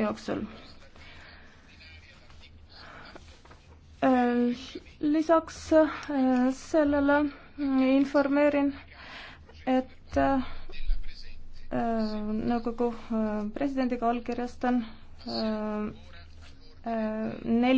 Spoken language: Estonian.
jooksul. lisaks äh, sellele informeerin, et äh, nõukogu äh, presidendiga allkirjastan neli